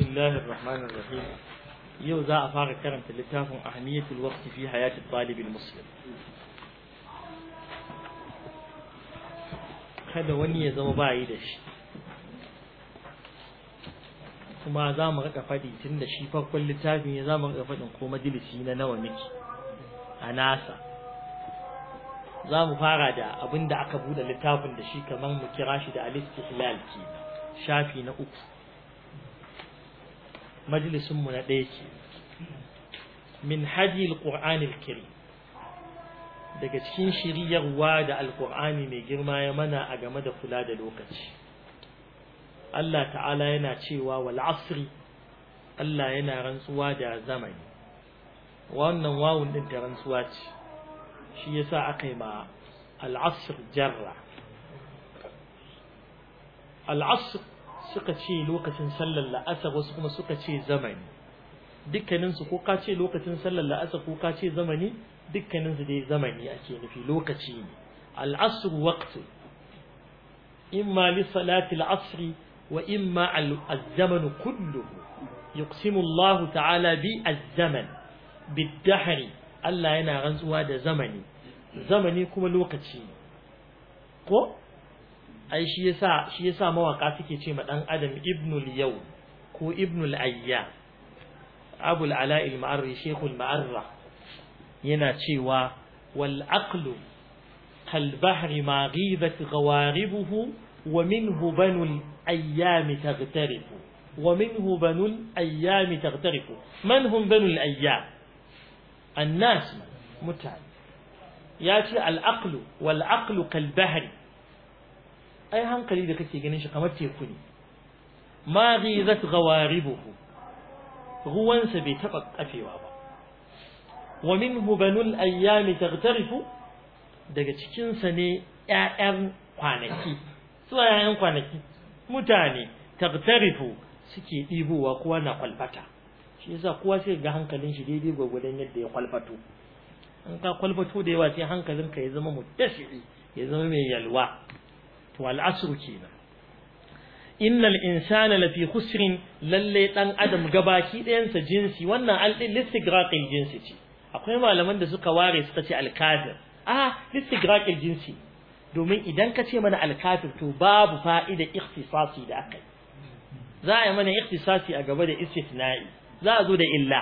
بسم الله الرحمن الرحيم يو ذا أفار كرم أهمية الوقت في حياة الطالب المسلم wani ya zama bayi da kuma za faɗi tun shi farkon littafin ya za mu faɗin ko majalisi na nawa miki a nasa za fara da abin da aka buɗe littafin da shi kamar mu kira shi da alistihlal shafi na uku majalisin mu na ɗaya ke min haji alqur'ani alkarim daga cikin shiryarwa da alqur'ani mai girma ya mana a game da kula da lokaci Allah ta'ala yana cewa wal asri Allah yana rantsuwa da zamani wannan wawun din ta rantsuwa ce shi yasa aka yi ma al asr jarra al asr suka ce lokacin sallar la'asar wasu kuma suka ce zamani dukkaninsu ko ka ce lokacin sallar la'asar ko ka ce zamani dukkaninsu dai zamani ake nufi lokaci ne al'asr waqti imma li salati al'asr wa imma al-zaman kulluhu yuqsimu ta'ala bi al-zaman bid Allah yana rantsuwa da zamani zamani kuma lokaci ko ai shi yasa shi yasa mawaka suke ce ma dan adam ibnul yaw ko ibnul ayya abul ala al ma'arri shaykhul ma'arra yana cewa wal aqlu kal bahri ma ghibat ghawaribuhu wa minhu banul ayyam taghtarifu wa minhu banul ayyam taghtarifu man hum banul ayyam an nas mutan ce al aqlu wal aqlu kal bahri ai hankali da kake ganin shi kamar teku ne ma ghizat ghawaribuhu ruwansa bai taba kafewa ba wa minhu banul ayyami taghtarifu daga cikin sa ne ƴaƴan kwanaki su ƴaƴan kwanaki mutane taghtarifu suke ɗibowa kowa na kwalfata shi yasa kowa sai ga hankalin shi daidai gwagwadon yadda ya kwalfato in ka kwalfato da yawa sai hankalinka ya zama mutashi ya zama mai yalwa to al'asru kenan innal insana lafi khusrin lalle dan adam gabaki ɗayansa jinsi wannan aldin listigraqil jinsi ce akwai malaman da suka ware suka ce alkafir a listigraqil jinsi domin idan ka ce mana alkafir to babu fa'ida ikhtisasi da akai za a yi mana ikhtisasi a gaba da istithna'i za a zo da illa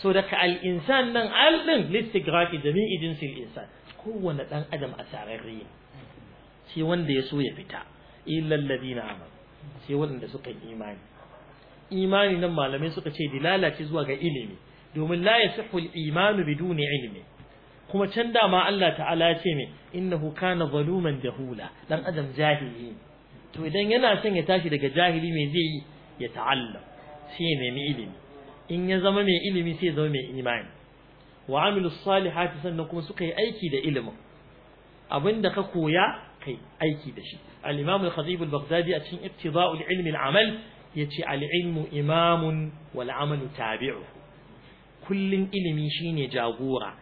so daga al-insan nan al din listigraqi jami'i jinsil insan kowanne dan adam a sararre sai wanda ya so ya fita illal ladina amanu sai waɗanda suka yi imani imani nan malamai suka ce dilalace zuwa ga ilimi domin la yasihul imanu biduni ilmi kuma can dama Allah ta'ala ya ce me innahu kana zaluman jahula dan adam jahili to idan yana son ya tashi daga jahili me zai yi ya ta'allam sai ya nemi ilimi in ya zama mai ilimi sai ya zama mai imani wa amilus salihati sannan kuma suka yi aiki da ilimin abinda ka koya kai aiki da shi al-imam al-khatib al-baghdadi a cikin ibtida'ul ilmi al-amal yace al-ilmu imamun wal amalu tabi'u kullun ilimi shine jagora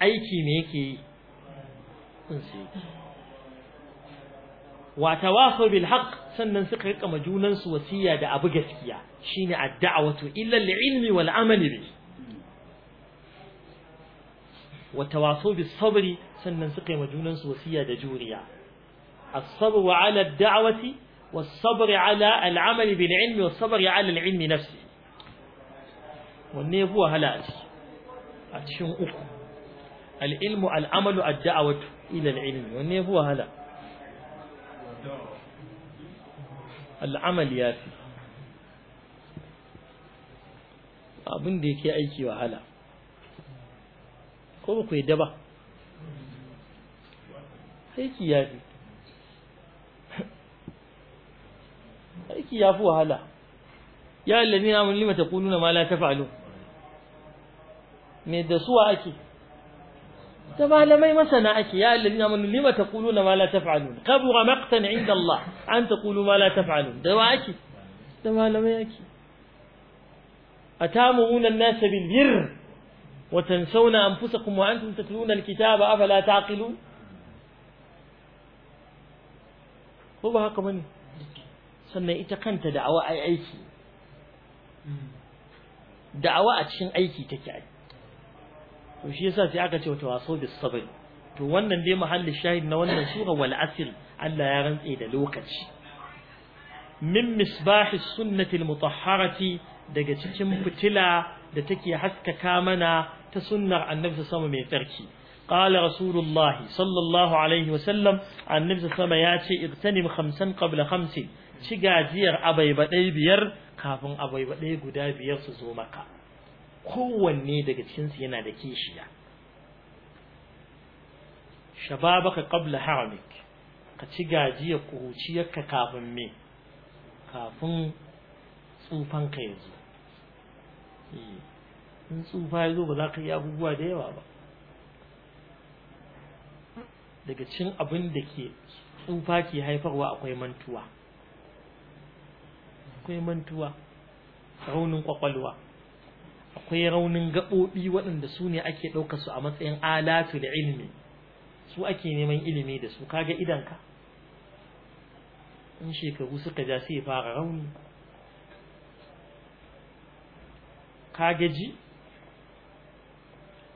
aiki ne yake yi wa tawasaw bil haqq sannan suka rika majunan su wasiya da abu gaskiya shine ad wato illa al-ilmi wal amali bihi Wata tawasaw bis sabri sannan suka yi ma junan su wasiya da juriya as-sabr ala ad-da'wati was-sabr ala al-amali bil ilmi was-sabr ala al-ilmi nafsi wahala a a uku ila wahala da yake aiki wahala ko ba ku yadda ba aiki ya fi aiki ya fi wahala ya allazi na mun lima na ma ta falo. me da suwa ake ta malamai masana ake ya allazi na mun na taquluna ta falo. taf'alun kabura maqtan inda Allah an taqulu ma la taf'alun da wa ake da malamai ake atamuna an-nasa bil birr وتنسون أنفسكم وأنتم ف س ك م و أ ن ت م تتلون الكتاب أ ف ل ا تعقلون هو ه ك م ن سميت كنت دعوى اي اي شيء دعوى اتشن اي شيء تكاد وشي ساتي اكتر وتواصل بالصبر تو ونن دي محل الشاهد نون نشوغ والعسل على يرن ايدا لوكتش min misbahi sunnati mutahharati daga cikin fitila da take haskaka mana ta sunnar annabi sama mai tsarki qala rasulullah sallallahu alaihi wasallam annabi sama ya ce igtanim khamsan qabla khamsin ci gajiyar abaibadai biyar kafin abaibadai guda biyar su zo maka kowanne daga cikin yana da kishiya shababaka qabla haramik ka ci gajiyar kuruciyarka kafin me kafin tsufan ka zo, eh, in tsufa ya zo ba za ka yi abubuwa da yawa ba daga cin abin da ke tsufa ke haifarwa akwai mantuwa akwai mantuwa raunin kwakwalwa akwai raunin gaɓoɓi waɗanda su ne ake ɗauka su a matsayin alatu da ilmi su ake neman ilimi da su kaga idanka in shekaru suka ja sai fara rauni ka gaji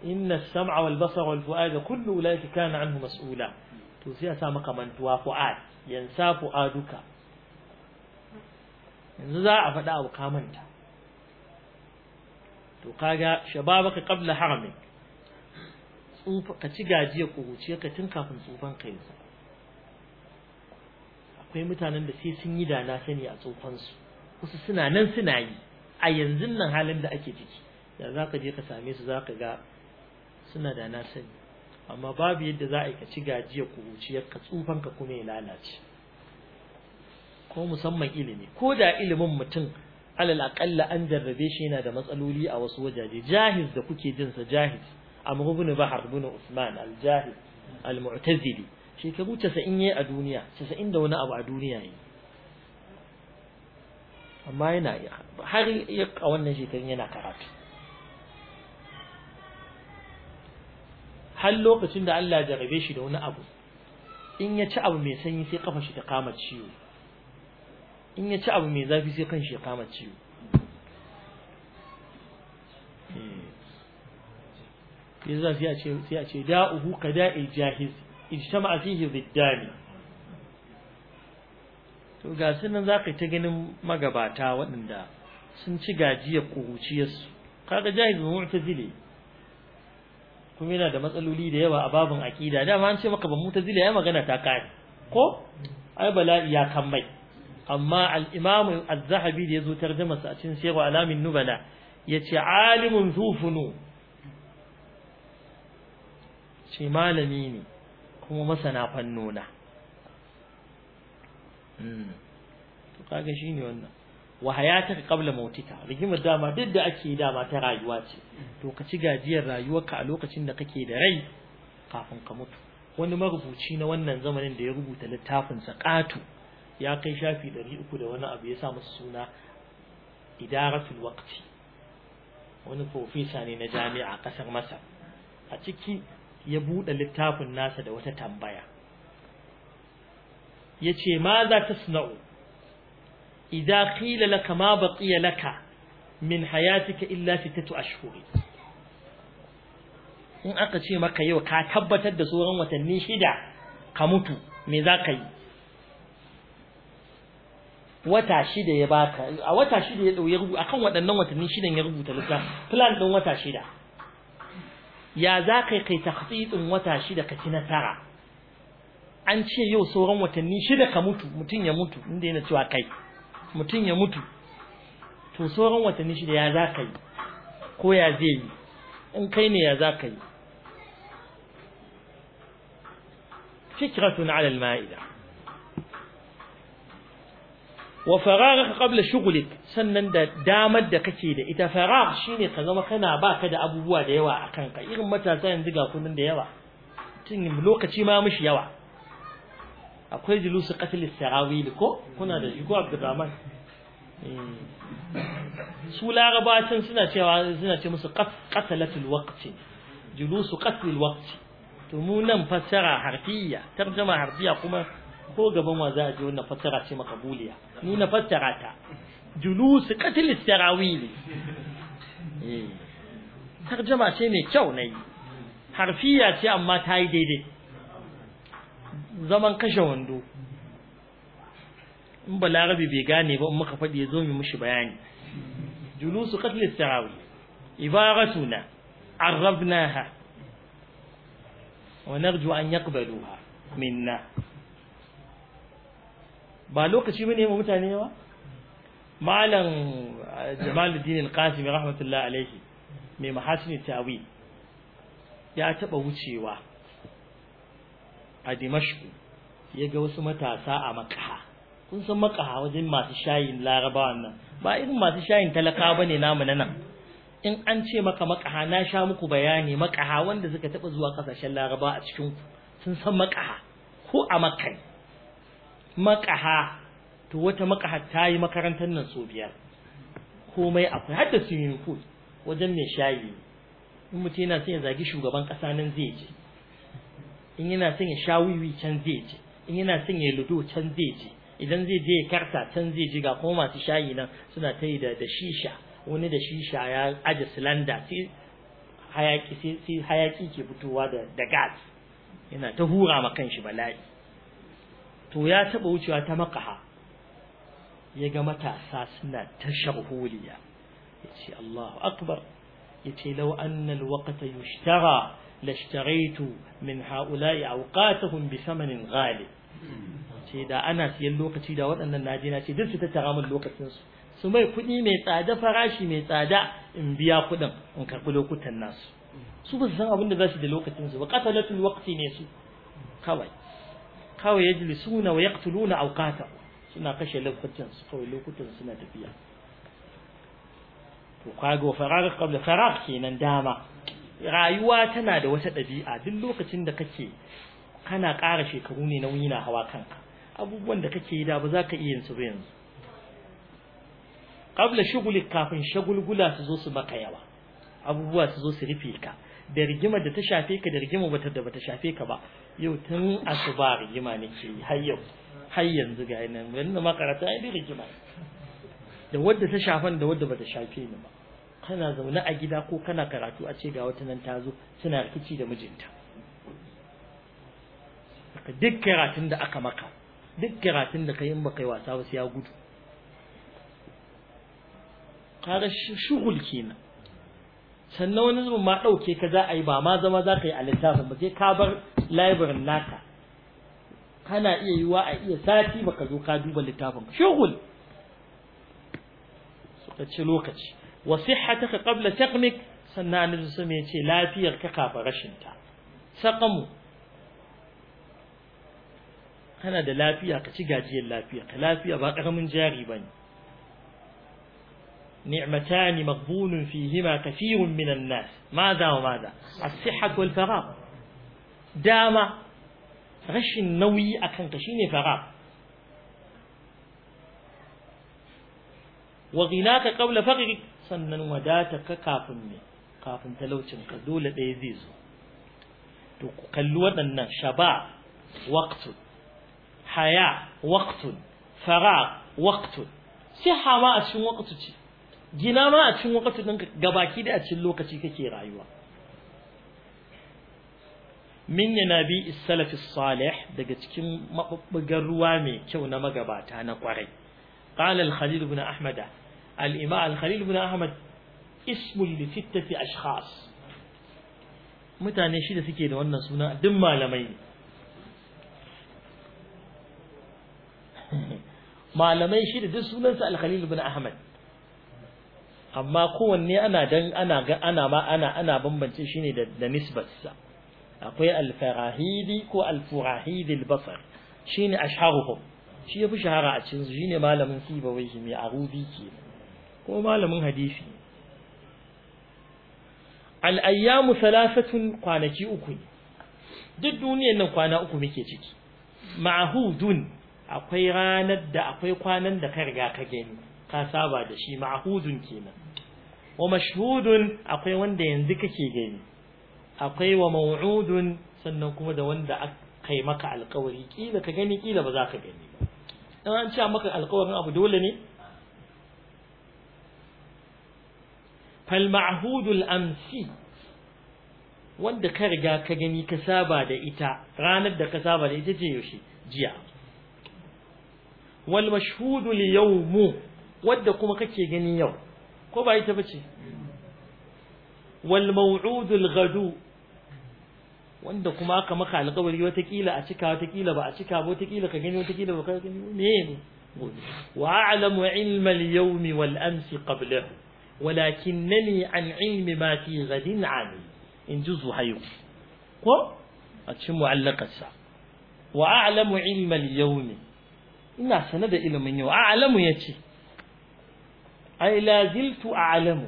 inna sam'a wal basara wal fu'ada kullu ulaika kana anhu mas'ula to sai a sa maka mantuwa fu'ad yansa fu'aduka yanzu za a faɗa abu ka manta to kaga shababaka qabla haramin tsufa ka ci gajiya kuruciya ka tun kafin tsufan kai akwai mutanen da sai sun yi da na sani a tsofansu wasu suna nan suna yi a yanzu nan halin da ake ciki da za ka je ka same su za ka ga suna da na sani amma babu yadda za a yi ka ci gajiya ya ka tsufan ka kuma ya lalace ko musamman ilimi ko da ilimin mutum alal aƙalla an jarrabe shi yana da matsaloli a wasu wajaje jahiz da kuke jinsa jahiz amma ibn bahar ibn usman al jahiz al mu'tazili shekaru casa'in yayi a duniya casa'in da wani abu a duniya yi amma yana har ya a wannan shekarun yana karatu har lokacin da Allah ya jarabe shi da wani abu in ya ci abu mai sanyi sai kafa shi ta kama ciwo in ya ci abu mai zafi sai kan shi ya kama ciwo hmm. ya zafi a ce da'uhu ka da'i jahiz ijtama fihi ziddani to ga sunan zaka ta ganin magabata waɗanda sun ci gajiyar kuruciyarsu kaga jahil mu'tazili kuma yana da matsaloli da yawa a babin akida dama an ce maka ba mu'tazili ai magana ta kare ko ai bala'i ya kan mai amma al-imam az-zahabi da yazo tarjuma sa a cikin shehu alamin nubala yace alimun zufunu shi malami ne kuma masana fannona hmm. to kaga shine wannan wa hayataka kabla mautika rigimar dama duk da ake dama ta rayuwa ce to ka ci gajiyar rayuwarka a lokacin da kake da rai kafin ka mutu wani marubuci na wannan zamanin da ya rubuta littafin sakatu ya kai shafi ɗari uku da wani abu ya sa masa suna idaratul waqti wani profesa ne na jami'a ƙasar Masar a ciki ya buɗe littafin nasa da wata tambaya ya ce ma za ta suna'u idan kila laka ma baƙiya laka min hayatika illa a shuri in aka ce maka yau ka tabbatar da tsoron watanni shida ka mutu me za ka yi wata shida ya baka a wata shida ya ɗauye kan waɗannan watanni shidan ya rubuta littafin plan ɗin wata shida ya za ka kai takhsitin wata shida ka ci nasara an ce yau sauran watanni shida ka mutu mutum ya mutu inda yana cewa kai mutum ya mutu to sauran watanni shida ya za ka yi ko ya zai yi in kai ne ya za ka yi fikratun alal ma'ida wa faragha qabla shughlik sannan da damar da kake da ita faragh shine ka zama kana baka da abubuwa da yawa a kanka irin matasa yanzu ga kunin da yawa tun lokaci ma mishi yawa akwai julusu qatl sarawil ko kuna da jigo Abdurrahman eh. su larabacin suna cewa suna ce musu qatalatul waqti julusu qatl waqti to mu nan fassara harfiya tarjuma harfiya kuma ko gaban wa za a ji wannan fassara ce makabuliya ni na fassara ta julus qatl tarawih eh tarjuma ce mai kyau ne harfiya ce amma ta yi daidai zaman kashe wando in Larabi bai gane ba in muka faɗi ya zo mu mushi bayani julusu qatl tarawih ibaratuna arrabnaha wa narju an yaqbaluha minna ba lokaci ne ma mutane yawa malam uh, Jamaluddin Al-Qasimi rahmatullahi alaihi mai mahasini tawi ya taba wucewa a Dimashq ya ga wasu matasa a makaha kun san makaha wajen masu shayin laraba nan ba irin masu shayin talaka bane namu nan in an ce maka maƙaha, na sha muku bayani maƙaha wanda suka taba zuwa kasashen laraba a cikin sun san makaha ko a makai makaha to wata makaha ta yi makarantar nan so biyar komai akwai har swimming pool wajen mai shayi in mutum yana son ya zagi shugaban ƙasa nan zai je in yana son ya sha wiwi can zai je in yana son ya ludo can zai je idan zai je ya karta can zai je ga kuma masu shayi nan suna ta yi da shisha wani da shisha ya aje silanda sai hayaki sai hayaki ke fitowa da gas yana ta hura ma kanshi bala'i to ya taɓa wucewa ta makaha ya ga matasa suna ta sharholiya ya ce Allahu akbar ya ce lau annal waqta yushtara lashtaraitu min ha'ula'i bi samanin ghali ce da ana siyan lokaci da waɗannan na na ce duk su tattara min lokacin su su mai kuɗi mai tsada farashi mai tsada in biya kuɗin in karɓi lokutan nasu su ba su san abin da za su da lokacin su ba qatalatul waqti ne su kawai kawai suna wa na aukata, suna kashe lokutan su kawai lokutan suna tafiya to kaga farag qabla farag kenan dama rayuwa tana da wata ɗabi'a duk lokacin da kake kana ƙara shekaru ne na nauyi na hawa kanka abubuwan da kake yi da ba za ka iya su ba yanzu qabla shuguli, kafin shagulgula su zo su maka yawa abubuwa su zo su rufe ka da rigima da ta shafe ka da rigima bata da bata shafe ka ba yau tun asuba rigima nake har yau har yanzu ga nan wannan makarata ai rigima da wadda ta shafan da wadda bata shafe ni ba kana zaune a gida ko kana karatu a ce ga wata nan ta zo suna rikici da mijinta duk karatun da aka maka duk karatun da kai in ba kai wasa ba sai ya gudu kaga shugul kenan sannan wani zubin ma ɗauke ka za a yi ba ma zama za ka yi a littafin ba sai ka bar labirin naka kana iya yiwa a iya sati baka zo ka duba littafin shugul suka ce lokaci ta ka qabla saqmik sannan annabi sun ce lafiyar ka kafa rashin ta kana da lafiya ka ci gajiyar lafiya ka lafiya ba karamin jari bane نعمتان مغبون فيهما كثير من الناس ماذا وماذا الصحة والفراغ داما غش النوي أكن كشين فراغ وغناك قبل فقرك سنن وداتك كافن كافن تلوتن كدولة بيزيزو تقلوا أن شباب وقت حياة وقت فراغ وقت صحة ما أشم وقت gina ma a cikin wakati ɗinka gabaki da a cikin lokaci kake rayuwa min yanabi salafi salih daga cikin maɓuɓɓugar ruwa mai kyau na magabata na kwarai qala al khalil ibn ahmad al imam al khalil ibn ahmad ismun li sittati ashkhas mutane shida suke da wannan suna duk malamai ne malamai shida duk sunansa khalil ahmad amma kowanne ana dan ana ana ma ana ana bambance shi ne da nisbatsa akwai al-farahidi ko alfurahidi basar shine ashharuhum shi yafi shahara a cikin Shi shine malamin sibawai mai arubi ke ko malamin hadisi al ayyamu thalathatun kwanaki uku ne duk duniyar nan kwana uku muke ciki ma'hudun akwai ranar da akwai kwanan da ka riga ka gani ka saba da shi ma'hudun kenan wa mashhudun akwai wanda yanzu kake gani akwai wa maw'udun sannan kuma da wanda aka maka alƙawari kila ka gani kila ba za ka gani ba an ce maka alƙawarin abu dole ne fal ma'hudul amsi wanda ka riga ka gani ka saba da ita ranar da ka saba da ita ce yaushe jiya wal mashhudu li yawmu wadda kuma kake gani yau ko ba ita bace wal maw'udul ghadu wanda kuma aka maka alƙawari wata kila a cika wata kila ba a cika ba wata kila ka gani wata kila ba ka gani ne wa a'lamu ilma al-yawmi wal amsi qablahu walakinnani an ilmi ma fi ghadin ami in juzu hayu ko a cikin mu'allaqarsa wa a'lamu ilma al-yawmi ina sanada ilmin yau a'lamu yace ai la ziltu a'lamu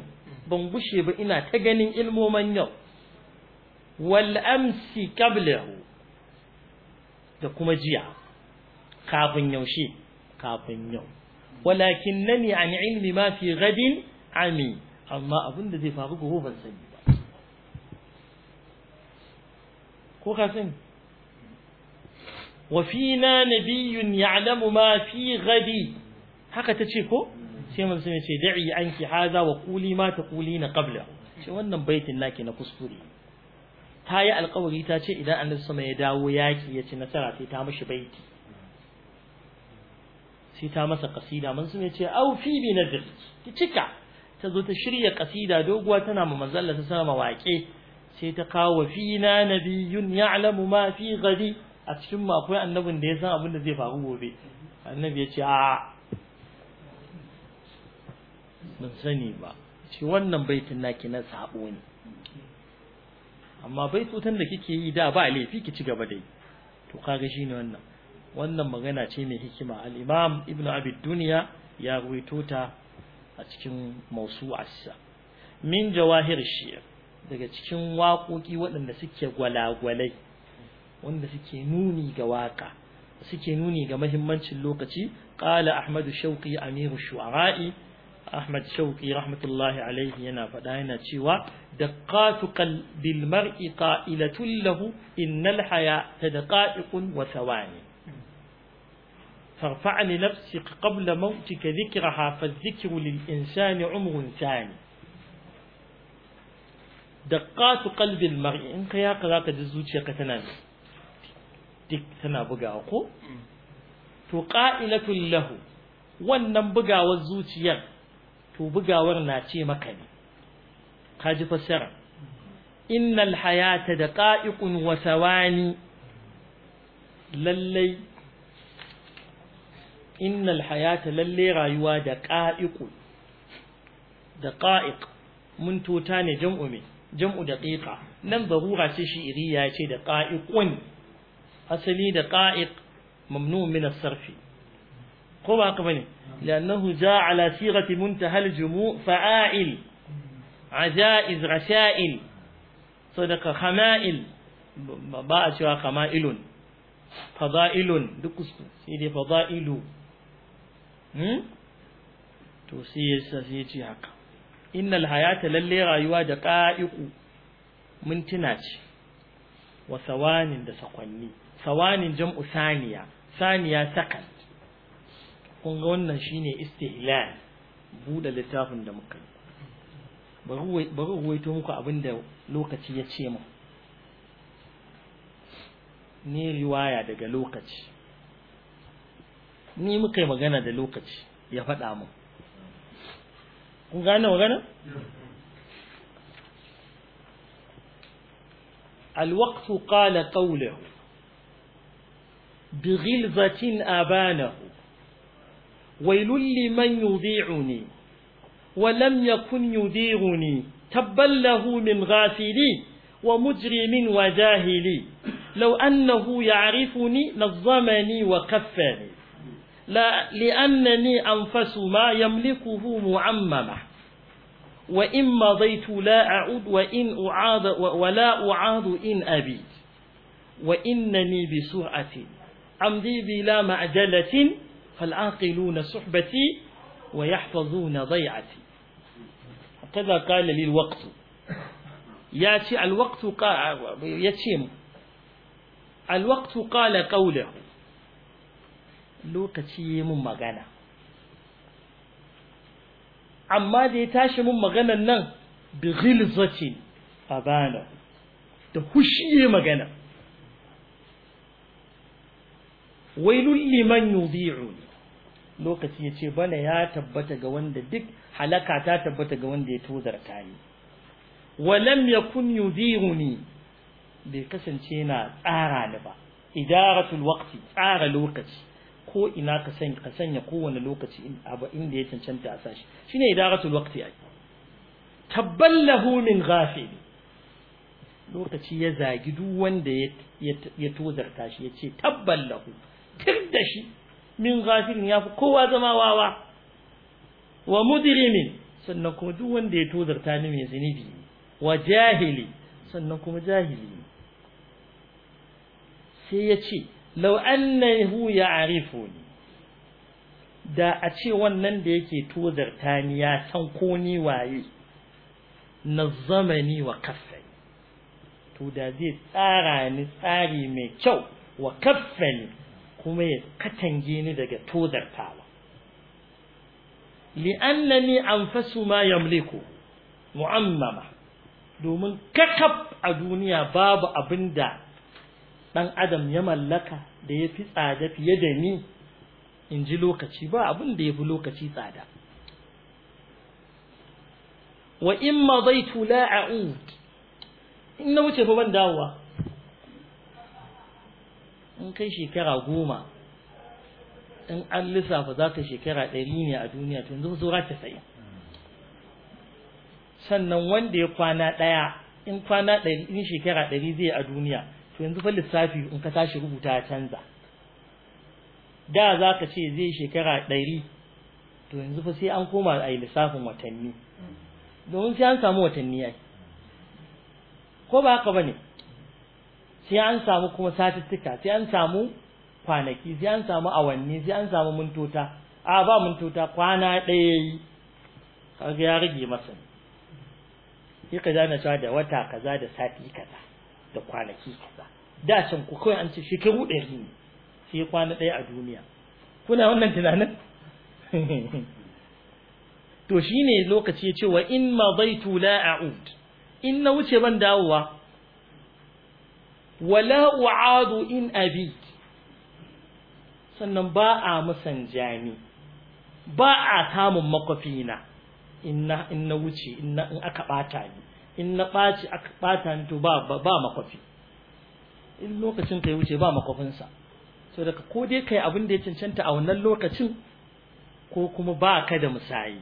ban gushe ba ina ta ganin ilmoman yau wal amsi qablahu da kuma jiya kafin yaushe kafin yau walakin nani an ilmi ma fi gadin ami amma abin da zai faru gobe ban sani ba ko ka sani wa fina nabiyyun ya'lamu ma fi gadi haka tace ko sai mun sun ce da'i anki haza wa quli ma na qabla ce wannan baitin naki na kuskure ta yi alkawari ta ce idan annabi sama ya dawo yaki ya ci nasara sai ta mishi baiti sai ta masa kasida mun sun ce au fi bi nazar ki cika ta zo ta shirya kasida doguwa tana ma manzo Allah sama waƙe sai ta kawo fina nabiyyun ya'lamu ma fi gadi a cikin akwai annabin da ya san abin da zai faru gobe annabi ya ce a ban sani ba shi wannan baitin naki na sabo ne amma baitotan da kike yi da ba laifi ki ci gaba da yi to kaga shine wannan wannan magana ce mai hikima al-imam ibnu abi dunya ya ruwaito ta a cikin mawsu'arsa min jawahir shi'r daga cikin waƙoƙi waɗanda suke gwalagwalai wanda suke nuni ga waka suke nuni ga mahimmancin lokaci qala ahmadu shauqi amiru shu'ara'i Ahmad Shauki rahmatullahi alaihi yana faɗa yana cewa daqqatu qalbil mar'i qa'ilatun lahu innal hayata daqa'iqun wa thawani farfa' li nafsika qabla mawtika dhikraha fadhikru lil insani umrun thani daqqatu qalbil mar'i in ka yaka zaka ji zuciyarka tana dik tana buga ko mm. to qa'ilatun lahu wannan bugawar zuciyar to bugawar na ce maka ne ka ji fassara innal hayata da ƙa'iƙun wani lallai innal hayata lallai rayuwa da ƙa'iƙun da ƙa'iƙ mun tota ne jam'u mai jam'u da ƙiƙa nan zarura ce shi'iri ya ce da ƙa'iƙun asali da ƙa'iƙ mamnu min sarfi ko ba haka bane لأنه جاء على صيغة منتهى الجموع فعائل عجائز Ba صدق خمائل باء شوى خمائل فضائل دكس سيدي فضائل to sai ya sai ya ce haka innal hayata lalle rayuwa da qa'iqu mintuna ce wa sawanin da sakwanni sawanin jam'u saniya saniya sakan kun ga wannan shine istihlal buɗe littafin da muka yi bari ruwaito muku abin da lokaci ya ce mu ni riwaya daga lokaci ni muka yi magana da lokaci ya faɗa mu kun gane magana qala قال bi ghilzatin abanahu ويل لمن يضيعني ولم يكن يديعني تبا له من غافلي ومجرم وجاهلي لو أنه يعرفني نظمني وكفني لا لأنني أنفس ما يملكه معممة وإن مضيت لا أعود وإن أعاد ولا أعاد إن أبيت وإنني بسرعة أمضي بلا معجلة فالعاقلون صحبتي ويحفظون ضيعتي هكذا قال لي الوقت ياتي الوقت قال يتيم الوقت قال قوله لوكتي من مغانا أما دي تاشي من مغانا نن بغلظة أبانا تهشي مغانا ويل لمن يضيعني lokaci ya ce bana ya tabbata ga wanda duk halaka ta tabbata ga wanda ya tozarta ni walam yakun ne. bai kasance na tsara ni ba idaratul waqti tsara lokaci ko ina ka ka sanya kowane lokaci abu inda ya cancanta a sashi shine idaratul waqti ai taballahu min ghafil lokaci ya zagi duk wanda ya tozarta shi ya ce tabballahu tir da shi min ghafirin ya fi kowa zama wawa wa mudrimin sannan kuma duk wanda ya tozarta ni mai zunubi wa jahili sannan kuma jahili sai ya ce lau annahu ne, da a ce wannan da yake tozarta ni ya san ko ni waye na zamani wa kafa. to da zai tsara ni tsari mai kyau wa kaffani kuma ya katange ni daga tozartawa li'annani anfasu ma yamliku mu'ammama domin kakaf a duniya babu abinda ɗan adam ya mallaka da ya fi tsada fiye da ni in ji lokaci ba abin da ya fi lokaci tsada wa in ma zai tula in na wuce fa ban dawowa in kai shekara goma in an lissafa za ka shekara ɗari ne a duniya to yanzu saura casa'in sannan wanda ya kwana ɗaya in kwana ɗari in shekara ɗari zai a duniya to yanzu fa lissafi in ka tashi rubuta ya canza da za ka ce zai shekara ɗari to yanzu fa sai an koma a yi lissafin watanni domin sai an samu watanni ai ko ba haka ba ne sai an samu kuma satuttuka sai an samu kwanaki sai an samu awanni sai an samu mintota a ba mintota kwana ɗaya yi kaga ya rage masa sai ka zana cewa da wata kaza da sati kaza da kwanaki kaza da can ku kawai an ce shekaru ɗari ne sai kwana ɗaya a duniya kuna wannan tunanin to shine lokaci ya ce wa in ma zaitu la a'ud in na wuce ban dawowa wala u'adu in abi sannan ba a musan jami ba a samun makwafina in na wuce in aka bata ni in na ɓaci aka bata ni to ba makwafi in lokacin ka ya wuce ba makwafinsa to daga ko dai kai abin da ya cancanta a wannan lokacin ko kuma ba ka da musayi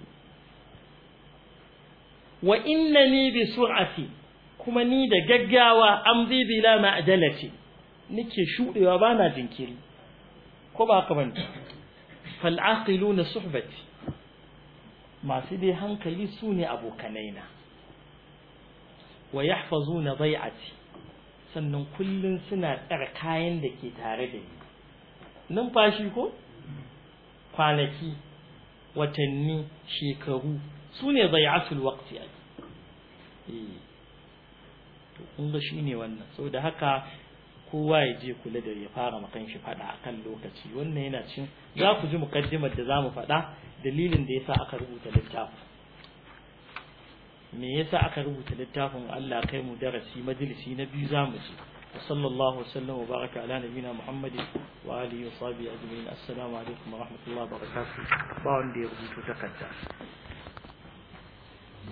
wa innani bi sur'ati kuma ni da gaggawa an bibila ma ajalati nike shudewa bana jinkiri ko ba ka bane fal aqiluna suhbati masu dai hankali su ne abokanaina wa yahfazuna bai'ati sannan kullun suna tsara kayan da ke tare da ni numfashi ko kwanaki watanni shekaru su ne bai'atul waqti eh. kun ga shine wannan saboda haka kowa ya je kula da ya fara makan shi fada akan lokaci wannan yana cin za ku ji mukaddimar da za mu fada dalilin da yasa aka rubuta littafin me yasa aka rubuta littafin Allah kai mu darasi majalisi na biyu zamu ci sallallahu wasallam wa baraka ala nabina muhammadin wa alihi wa sahbihi ajma'in assalamu alaikum wa rahmatullahi wa ba wanda ya rubuta takarda